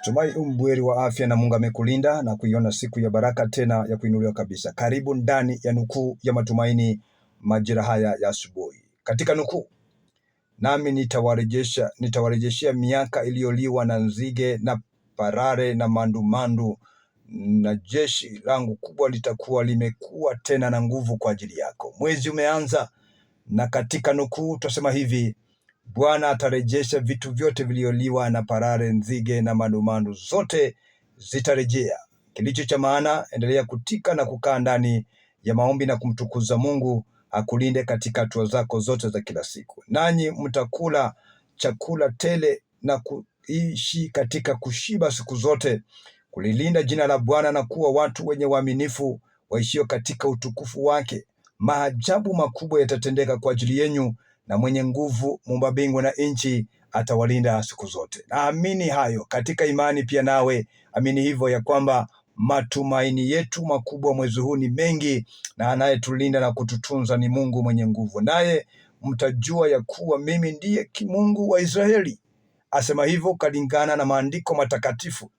Tumai umbweri wa afya na Mungu amekulinda na kuiona siku ya baraka tena ya kuinuliwa kabisa. Karibu ndani ya nukuu ya matumaini majira haya ya asubuhi. Katika nukuu, nami nitawarejesha nitawarejeshea miaka iliyoliwa na nzige na parare na mandumandu na jeshi langu kubwa litakuwa limekuwa tena na nguvu kwa ajili yako. Mwezi umeanza na katika nukuu tutasema hivi: Bwana atarejesha vitu vyote vilioliwa na parare, nzige na manumanu, zote zitarejea. Kilicho cha maana, endelea kutika na kukaa ndani ya maombi na kumtukuza Mungu akulinde katika hatua zako zote za kila siku. Nanyi mtakula chakula tele na kuishi katika kushiba siku zote, kulilinda jina la Bwana na kuwa watu wenye uaminifu waishio katika utukufu wake. Maajabu makubwa yatatendeka kwa ajili yenu na mwenye nguvu muumba mbingu na nchi atawalinda siku zote. Naamini hayo katika imani, pia nawe amini hivyo ya kwamba matumaini yetu makubwa mwezi huu ni mengi, na anayetulinda na kututunza ni Mungu mwenye nguvu, naye mtajua ya kuwa mimi ndiye Mungu wa Israeli, asema hivyo kalingana na maandiko matakatifu,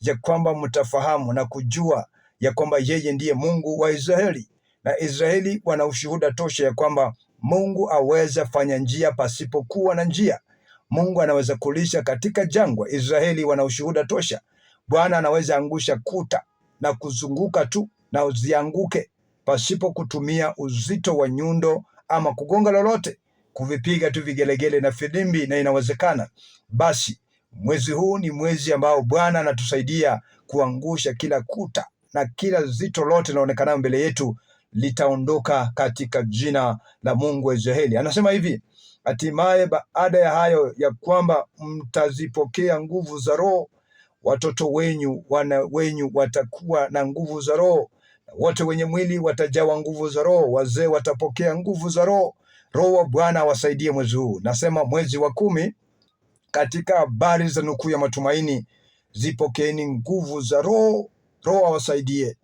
ya kwamba mtafahamu na kujua ya kwamba yeye ndiye Mungu wa Israeli, na Israeli wana ushuhuda tosha ya kwamba Mungu aweza fanya njia pasipokuwa na njia. Mungu anaweza kulisha katika jangwa. Israeli wana ushuhuda tosha. Bwana anaweza angusha kuta na kuzunguka tu na zianguke pasipo kutumia uzito wa nyundo ama kugonga lolote, kuvipiga tu vigelegele na filimbi, na inawezekana. Basi mwezi huu ni mwezi ambao Bwana anatusaidia kuangusha kila kuta na kila zito lote linaonekana mbele yetu litaondoka katika jina la Mungu wa Israeli. Anasema hivi hatimaye, baada ya hayo, ya kwamba mtazipokea nguvu za Roho, watoto wenyu wana wenyu watakuwa na nguvu za Roho, wote wenye mwili watajawa nguvu za Roho, wazee watapokea nguvu za Roho. Roho wa Bwana awasaidie mwezi huu. Nasema mwezi wa kumi, katika habari za nukuu ya matumaini, zipokeeni nguvu za Roho. Roho awasaidie,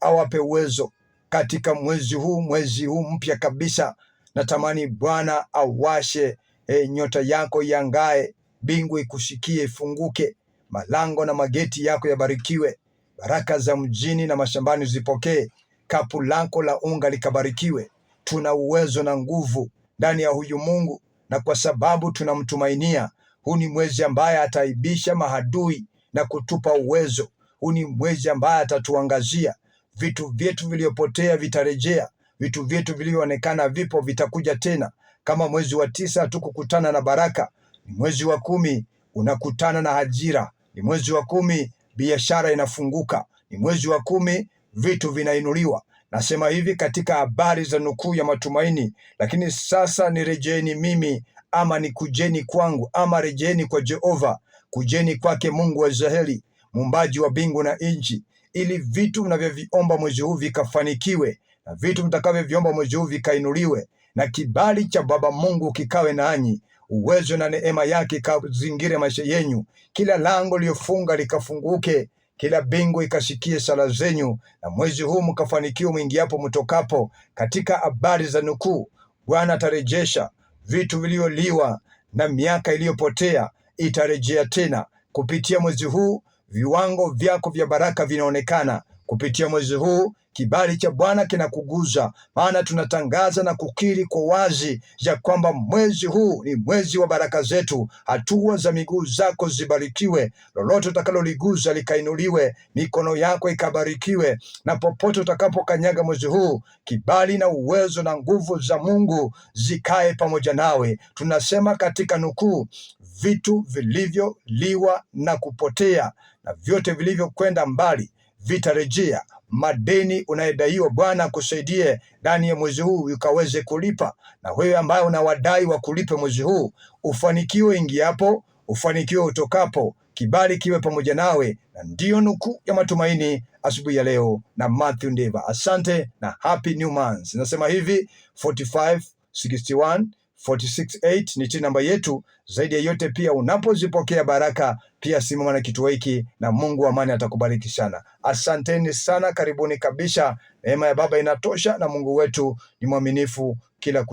awape uwezo katika mwezi huu, mwezi huu mpya kabisa. Natamani Bwana awashe e, nyota yako yangae, bingu ikusikie, ifunguke, malango na mageti yako yabarikiwe, baraka za mjini na mashambani zipokee, kapu lako la unga likabarikiwe. Tuna uwezo na nguvu ndani ya huyu Mungu, na kwa sababu tunamtumainia, huu ni mwezi ambaye ataibisha mahadui na kutupa uwezo. Huu ni mwezi ambaye atatuangazia Vitu vyetu vilivyopotea vitarejea, vitu vyetu vilivyoonekana vipo vitakuja tena. Kama mwezi wa tisa tukukutana na baraka, ni mwezi wa kumi unakutana na ajira, ni mwezi wa kumi biashara inafunguka, ni mwezi wa kumi vitu vinainuliwa. Nasema hivi katika habari za nukuu ya matumaini: lakini sasa nirejeeni mimi, ama ni kujeni kwangu, ama rejeeni kwa Jehova, kujeni kwake Mungu wa Israeli, muumbaji wa mbingu na nchi ili vitu mnavyoviomba mwezi huu vikafanikiwe na vitu mtakavyoviomba mwezi huu vikainuliwe, na kibali cha Baba Mungu kikawe nanyi, uwezo na neema yake ikazingire maisha yenyu, kila lango liyofunga likafunguke, kila bingu ikasikie sala zenyu, na mwezi huu mkafanikiwa mwingiapo mtokapo. Katika habari za nukuu, Bwana atarejesha vitu vilivyoliwa na miaka iliyopotea itarejea tena kupitia mwezi huu viwango vyako vya baraka vinaonekana kupitia mwezi huu. Kibali cha Bwana kinakuguza, maana tunatangaza na kukiri kwa wazi ya kwamba mwezi huu ni mwezi wa baraka zetu. Hatua za miguu zako zibarikiwe, lolote utakaloliguza likainuliwe, mikono yako ikabarikiwe, na popote utakapokanyaga mwezi huu, kibali na uwezo na nguvu za Mungu zikae pamoja nawe. Tunasema katika nukuu, vitu vilivyoliwa na kupotea na vyote vilivyokwenda mbali vitarejea. Madeni unayedaiwa Bwana akusaidie ndani ya mwezi huu ukaweze kulipa, na wewe ambaye una wadai wa kulipa mwezi huu, ufanikiwe ingiapo, ufanikiwe utokapo, kibali kiwe pamoja nawe. Na ndiyo nukuu ya matumaini asubuhi ya leo na Matthew Ndeva. Asante na happy new month. Nasema hivi 45 61 468 ni chini namba yetu. Zaidi ya yote pia, unapozipokea baraka pia simama na kituo hiki, na Mungu wa amani atakubariki sana. Asanteni sana, karibuni kabisa. Neema ya Baba inatosha, na Mungu wetu ni mwaminifu kila